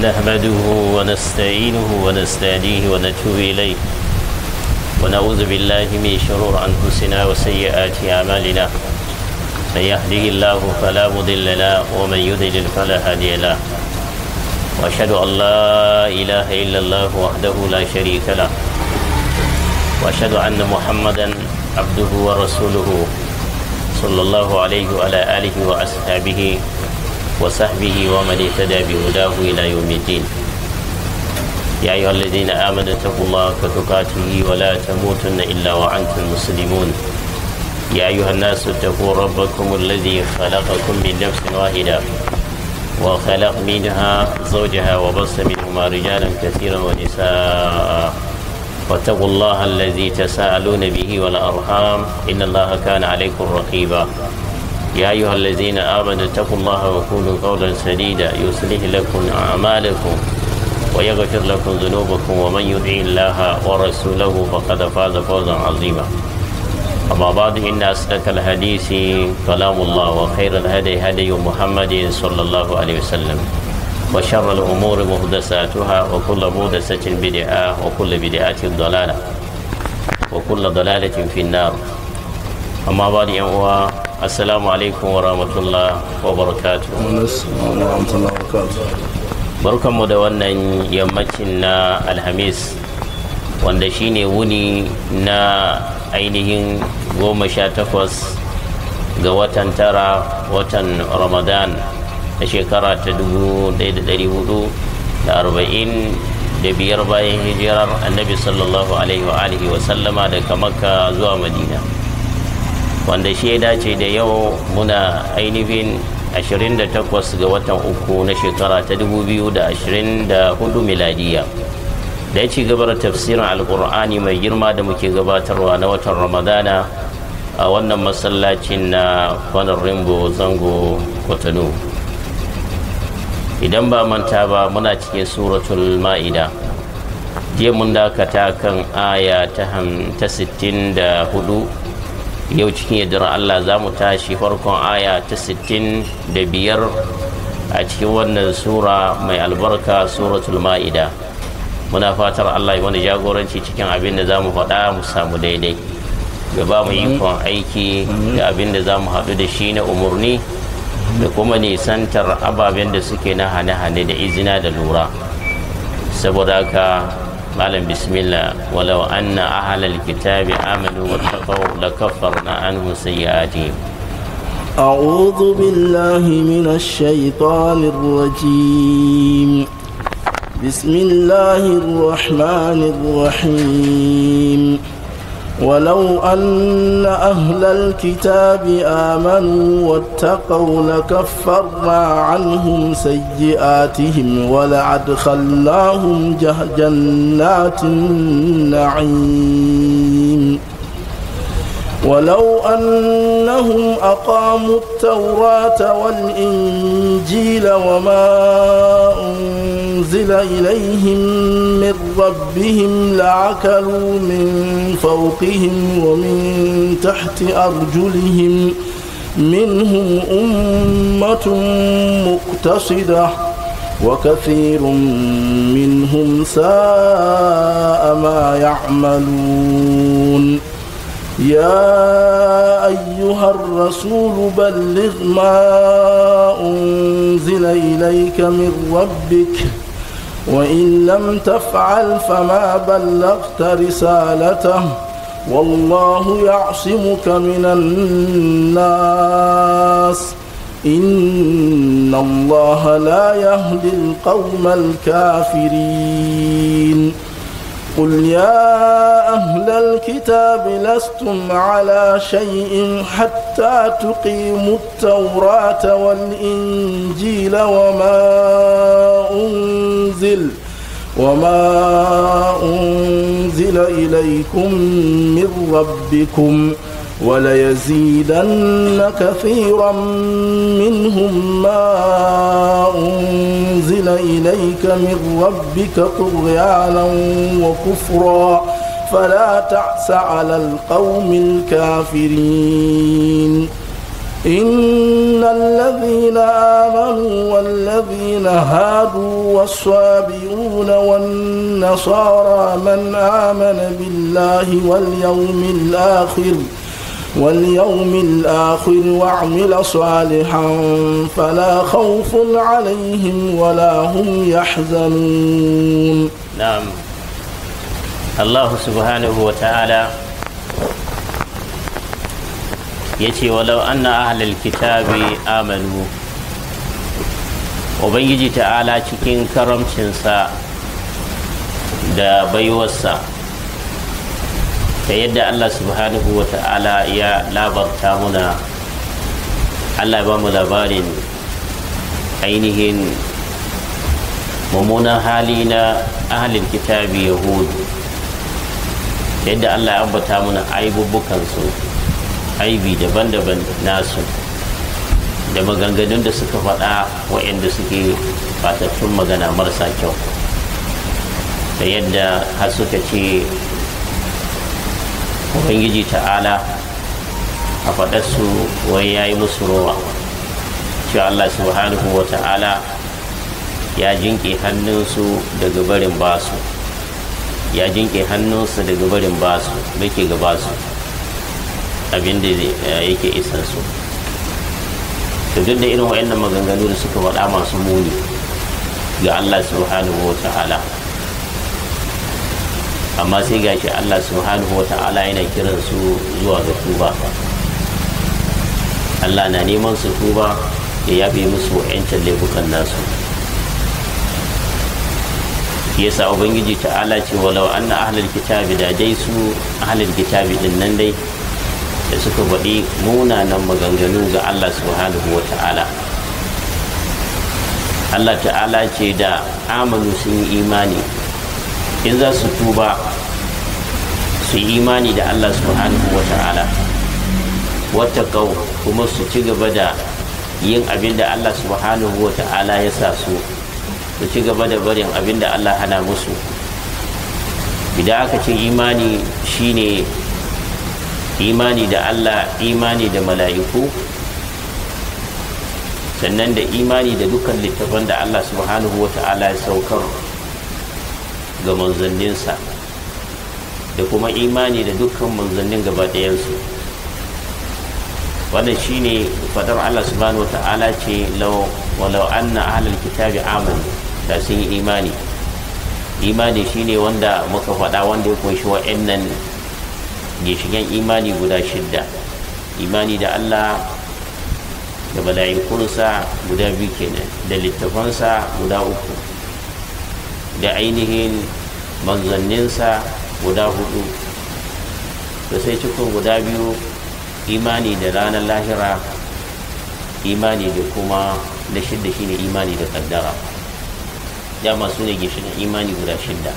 نحمده ونستعينه ونستهديه ونتوب إليه ونعوذ بالله من شرور أنفسنا وسيئات أعمالنا من يهده الله فلا مضل له ومن يضلل فلا هادي له وأشهد أن لا إله إلا الله وحده لا شريك له وأشهد أن محمدا عبده ورسوله صلى الله عليه وعلى آله وأصحابه وصحبه ومن اهتدى بهداه إلى يوم الدين يا أيها الذين آمنوا اتقوا الله وتقاته ولا تموتن إلا وأنتم مسلمون يا أيها الناس اتقوا ربكم الذي خلقكم من نفس واحدة وخلق منها زوجها وبص منهما رجالا كثيرا ونساء واتقوا الله الذي تساءلون به والأرحام إن الله كان عليكم رقيبا يا أيها الذين آمنوا اتقوا الله وقولوا قولا سديدا يصلح لكم أعمالكم ويغفر لكم ذنوبكم ومن يطع الله ورسوله فقد فاز فوزا عظيما أما بعد إن أصدق الحديث كلام الله وخير الهدي هدي محمد صلى الله عليه وسلم وشر الأمور محدثاتها وكل محدثة بدعة وكل بدعة ضلالة وكل ضلالة في النار أما بعد يا assalamu alaikum wa rahmatullah wa barakatu barkanmu da wannan yammacin na alhamis wanda shine wuni na ainihin goma sha takwas ga watan tara watan ramadan na shekara ta dubu ɗaya da ɗari da arba'in da biyar bayan hijirar annabi sallallahu alaihi wa sallama daga makka zuwa madina wanda shi ya dace da yau muna ainihin 28 ga watan uku na shekara ta 2024 miladiya da ya ci gabar tafsirin alkur'ani mai girma da muke gabatarwa na watan ramadana a wannan masallacin na kwanar rimbo zango kwatano idan ba manta ba muna cikin suratul ma'ida jiya mun dakata kan aya ta 64 yau cikin yadda Allah za mu tashi farkon aya ta 65 a cikin wannan sura mai albarka suratul ma'ida muna fatar Allah ya wani jagoranci cikin abin da za mu faɗa mu samu daidai ga ba mu ikon aiki da abin da za mu haɗu da shi na umarni da kuma nisantar ababen da suke na hane-hane da izina da lura saboda haka قال بسم الله ولو أن أهل الكتاب آمنوا واتقوا لكفرنا عنهم سيئاتهم أعوذ بالله من الشيطان الرجيم بسم الله الرحمن الرحيم ولو أن أهل الكتاب آمنوا واتقوا لكفرنا عنهم سيئاتهم ولأدخلناهم جنات النعيم ولو أنهم أقاموا التوراة والإنجيل وما أنزل أنزل إليهم من ربهم لعكلوا من فوقهم ومن تحت أرجلهم منهم أمة مقتصدة وكثير منهم ساء ما يعملون يا أيها الرسول بلغ ما أنزل إليك من ربك وإن لم تفعل فما بلغت رسالته والله يعصمك من الناس إن الله لا يهدي القوم الكافرين قل يا أهل الكتاب لستم على شيء حتى تقيموا التوراة والإنجيل وما أنزل وما أنزل إليكم من ربكم ۖ وليزيدن كثيرا منهم ما أنزل إليك من ربك طغيانا وكفرا فلا تعس على القوم الكافرين إن الذين آمنوا والذين هادوا والصابئون والنصارى من آمن بالله واليوم الآخر ۖ واليوم الآخر وعمل صالحا فلا خوف عليهم ولا هم يحزنون نعم الله سبحانه وتعالى يتي ولو أن أهل الكتاب آمنوا وبيجي تعالى تكين كرم تنسى دا بيوسا ta yadda Allah subhanahu wa ta'ala ya labarta muna Allah ba mu labarin ainihin mummunan hali na ahalin kitabi yahudu yadda Allah ya ambata mana su aibi daban-daban nasu da maganganun da suka faɗa waɗanda suke fatattun magana marasa kyau da yadda har suka ce ubangiji ta'ala a faɗarsu wai ya yi musu rowa cewa allah subhanahu wa ta'ala ya jinƙe hannunsu daga barin basu ya jinƙe hannunsu daga barin basu ke gabasu abinda eh, yake isansu to duk da irin waɗannan maganganu da suka faɗa masu muni ga allah subhanahu wa ta'ala amma sai ga shi Allah subhanahu wa ta'ala yana kiran su zuwa ga tuba Allah na neman su tuba ya yabe musu yancin laifukan nasu yasa ubangiji ta'ala ce walau na ahalar kitabi da dai su ahalar kitabi din nan dai da suka baɗi munanan maganganu ga Allah subhanahu wa ta'ala Allah ta'ala ce da amanu sun yi imani in za su tuba su yi imani da Allah subhanahu wa ta'ala wata kau kuma su ci gaba da yin abin da Allah subhanahu wa ta'ala ya sa su su ci gaba da barin abin da Allah hana musu idan aka ce imani shine imani da Allah imani da mala'iku sannan da imani da dukkan littafan da Allah subhanahu wa ta'ala ya saukar ga manzanninsa da kuma imani da dukkan manzannin gaba ɗayansu wannan ne fadar Allah subhanahu wata'ala ce law walau anna ahlul kitabi amanu da sun yi imani imani shine wanda muka faɗa wanda ya kunshi wa'annan gishigen imani guda shidda imani da Allah da mala'ikunsa guda biyu kenan da littafansa guda uku da ainihin manzanninsa guda hudu da sai cikin guda biyu imani da ranar lahira imani da kuma na shidda shine imani da kaddara dama su ne gishirin imani guda shidda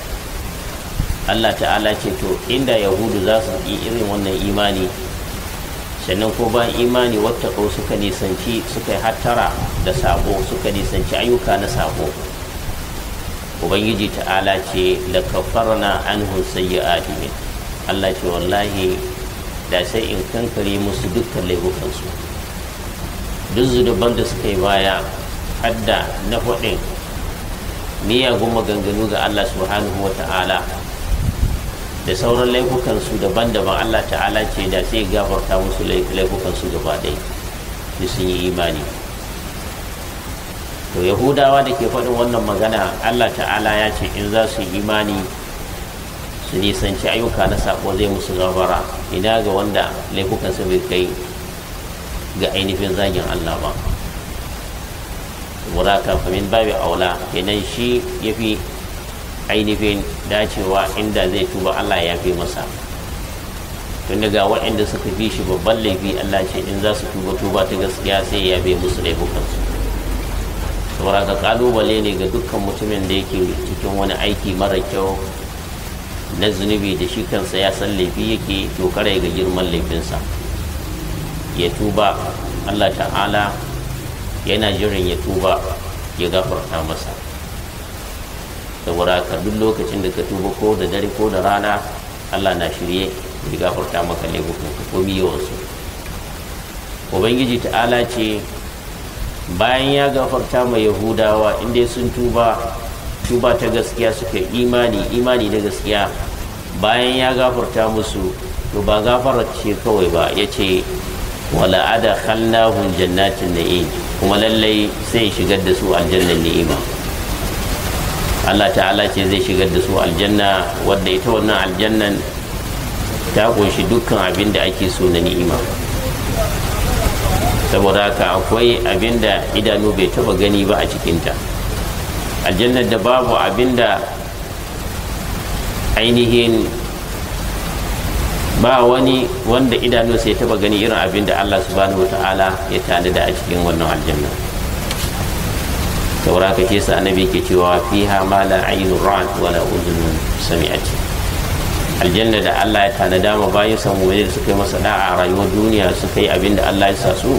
allah ta'ala ce to inda yahudu za su yi irin wannan imani sannan ko ba imani wata suka nisanci suka yi hattara da sabo suka nisanci ayyuka na sabo ubangiji ta'ala ce da kafarna a sayyi'atihim Allah ce wallahi da sai in kankare musu dukkan laifukansu duk zunuban da suka yi baya hadda na faɗin miyagun maganganu ga Allah subhanahu wa ta'ala da sauran laifukansu daban-daban Allah ta'ala ce da sai gafarta musu laifukansu gaba ɗaya sun yi imani to yahudawa da ke faɗin wannan magana allah ta'ala ya ce in za su yi imani su nisanci ayyuka na sako zai musu gabara ina ga wanda laifukan su bai kai ga ainihin zagin allah ba saboda famin babu aula kenan shi ya fi ainihin dacewa inda zai tuba allah ya fi masa tun daga waɗanda suka fi shi babban laifi allah ce in za su tuba tuba ta gaskiya sai ya bai musu laifukansu saboda ka kalubale ne ga dukkan mutumin da yake cikin wani aiki mara kyau na zunubi da shi kansa ya san laifi yake dokar ga girman laifinsa ya tuba allah ta'ala yana jiran ya tuba ya gafarta masa saboda ka duk lokacin da ka tuba ko da dare ko da rana allah na shirye ya gafarta maka laifin ko biyo ubangiji ta'ala ce bayan ya gafarta ma yahudawa inda sun tuba tuba ta gaskiya suka imani imani na gaskiya bayan ya gafarta musu to ba gafarar ce kawai ba ya ce wala ada khallahun jannatin na'im kuma lallai sai shigar da su aljannan ni'ima Allah ta'ala ce zai shigar da su aljanna wadda ita wannan aljannan ta kunshi dukkan abin da ake so na ni'ima saboda haka akwai abinda idanu bai taba gani ba a cikinta aljannar da babu abinda ainihin ba wani wanda idanu sai taba gani irin abinda allah subhanahu wa ta'ala ya da a cikin wannan aljanna saboda haka shi sa annabi ke cewa fiha ma la ainu ra'at wa la udhun sami'at aljanna da Allah ya tanada ma bayan samu da suka yi masa da'a a rayuwar duniya suka yi abin da Allah ya sa su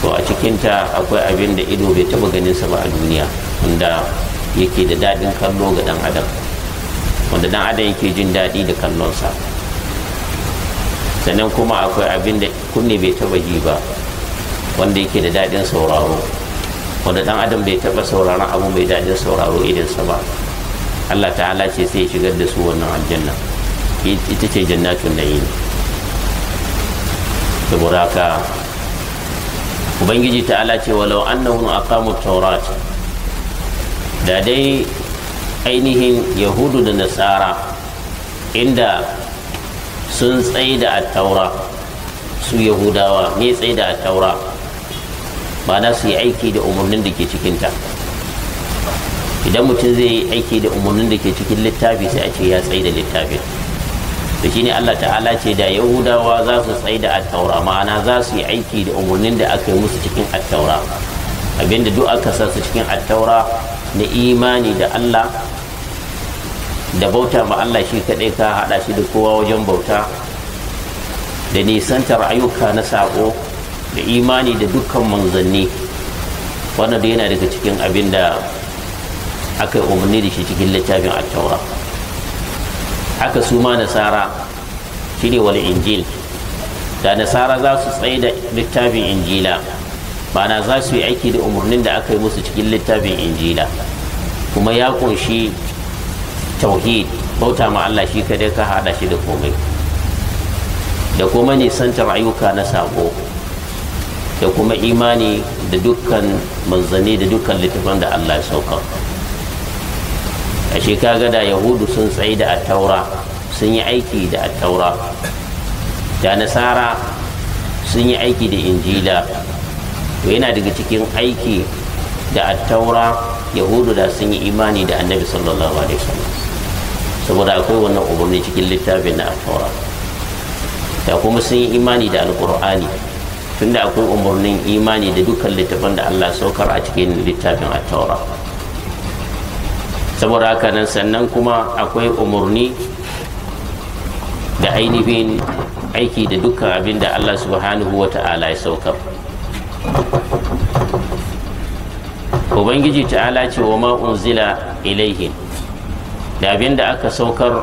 to a cikinta akwai abin da ido bai taba ganin sa ba a duniya wanda yake da daɗin kallo ga ɗan adam wanda ɗan adam yake jin daɗi da kallonsa sannan kuma akwai abin da kunne bai taba ji ba wanda yake da daɗin sauraro wanda ɗan adam bai taba sauraron abu mai daɗin sauraro irinsa ba allah ta'ala ce sai shigar da su wannan aljanna ita ce jannatun na'im saboda haka ubangiji ta'ala ce walau annahum aqamu taurat da dai ainihin yahudu da nasara inda sun tsaye da taura su yahudawa ne tsaye da taura ba na su yi aiki da umarnin da ke cikinta idan mutum zai yi aiki da umarnin da ke cikin littafi sai a ce ya tsaye da littafin da shine Allah ta'ala ce da yahudawa za su tsaye da attaura ma'ana za su yi aiki da umarnin da aka yi musu cikin attaura abinda duk aka sa su cikin attaura na imani da Allah da bauta ma Allah shi kaɗai ka haɗa shi da kowa wajen bauta da nisantar ayyuka na saƙo da imani da dukkan manzanni wannan da yana daga cikin abin da aka yi umarni da shi cikin littafin attaura haka su ma nasara shine wal injil da nasara za su tsaye da littafin injila bana za su yi aiki da umarnin da aka yi musu cikin littafin injila kuma ya kunshi tauhid bauta ma Allah shi kadai ka hada shi da komai da kuma nisantar ayyuka na sako da kuma imani da dukkan manzanni da dukkan littafan da Allah ya sauka ashe kaga da yahudu sun tsaye da attaura sun yi aiki da attaura da nasara sun yi aiki da injila to yana daga cikin aiki da attaura yahudu da sun yi imani da annabi sallallahu alaihi wasallam saboda akwai wannan umarni cikin littafin na attaura da kuma sun yi imani da alkur'ani tunda akwai umarnin imani da dukkan littafin da allah saukar a cikin littafin attaura saboda haka nan sannan kuma akwai umarni da ainihin aiki da dukkan abin da allah subhanahu wa ta'ala ya saukar ubangiji ta'ala ce wa ma unzila ilaihin da abin da aka saukar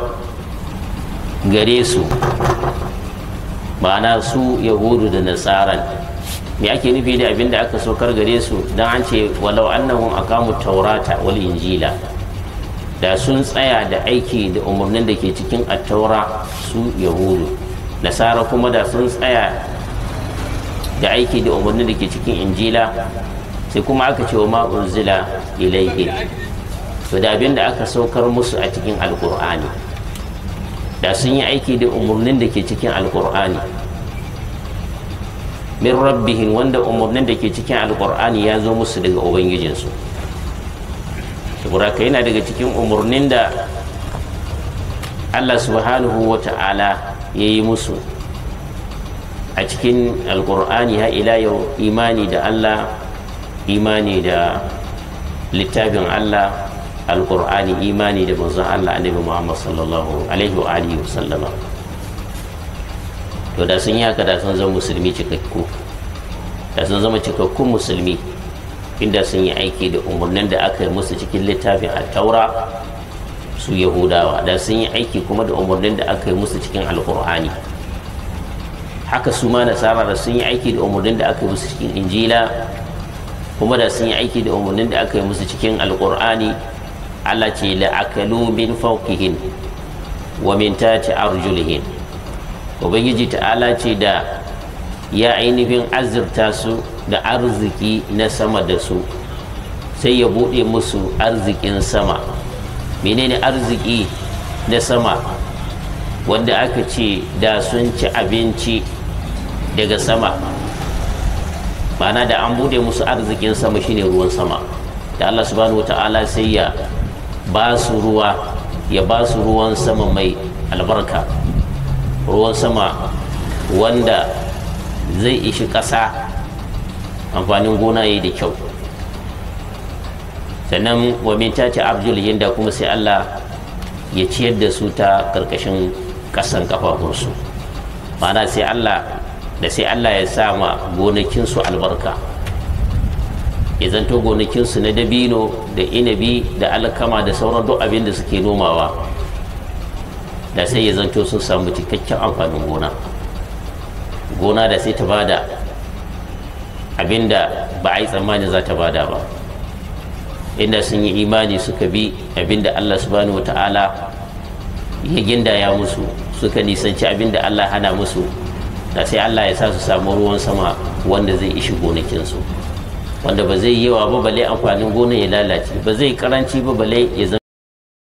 gare su ma'ana su yahudu da nasaran me ake nufi da abin da aka saukar gare su don an ce walau a aqamu taurata wal injila da sun tsaya da aiki da umarnin da ke cikin attaura su yahudu nasara kuma da sun tsaya da aiki da umarnin da ke cikin injila sai kuma aka ce wa ma'unzila ilaihi to da abin da aka saukar musu a cikin alkur'ani da sun yi aiki da umarnin da ke cikin alkur'ani min rabbihin wanda umarnin da ke cikin alkur'ani ya zo musu daga ubangijinsu saboda ka yana daga cikin umarnin da allah subhanahu wa ta'ala ya yi musu a cikin alkur'ani ha ila yau imani da allah imani da littafin allah alkur'ani imani da manzon allah annabi muhammad sallallahu alaihi wa alihi wa sallama to da sun yi haka da sun zama musulmi cikakku da sun zama cikakkun musulmi inda sun yi aiki da umarnin da aka yi musu cikin littafin attaura su yahudawa da sun yi aiki kuma da umarnin da aka yi musu cikin alkur'ani haka su ma nasara da sun yi aiki da umarnin da aka yi musu cikin injila kuma da sun yi aiki da umarnin da aka yi musu cikin alkur'ani allah ce la'akalu min fawqihin wa min tati arjulihin ubangiji ta'ala ce da ya ainihin azurta su da arziki na sama da su sai ya buɗe musu arzikin sama menene arziki na sama wanda aka ce da sun ci abinci daga sama ma'ana da an buɗe musu arzikin sama shine ruwan sama da Allah subhanahu wata'ala sai ya ba su ruwa ya ba su ruwan sama mai albarka ruwan sama wanda zai ishi ƙasa amfanin gona yayi da kyau sannan wamin ta ce abdul yinda kuma sai Allah ya ciyar da su ta ƙarƙashin ƙasan kafafunsu ma'ana sai Allah da sai Allah ya sa ma gonakinsu albarka ya zanto gonakinsu na dabino da inabi da alkama da sauran duk abin da suke nomawa da sai ya zanto sun samu cikakken amfanin gona gona da sai ta bada abinda ba a yi tsammani za ta bada ba inda sun yi imani suka bi abinda Allah subhanahu wata'ala ya gindaya musu suka nisanci abinda Allah hana musu da sai Allah ya sa su samu ruwan sama wanda zai ishi gonakinsu wanda ba zai yi wa ba balai amfanin gona ya lalace ba zai karanci ba balai ya zama.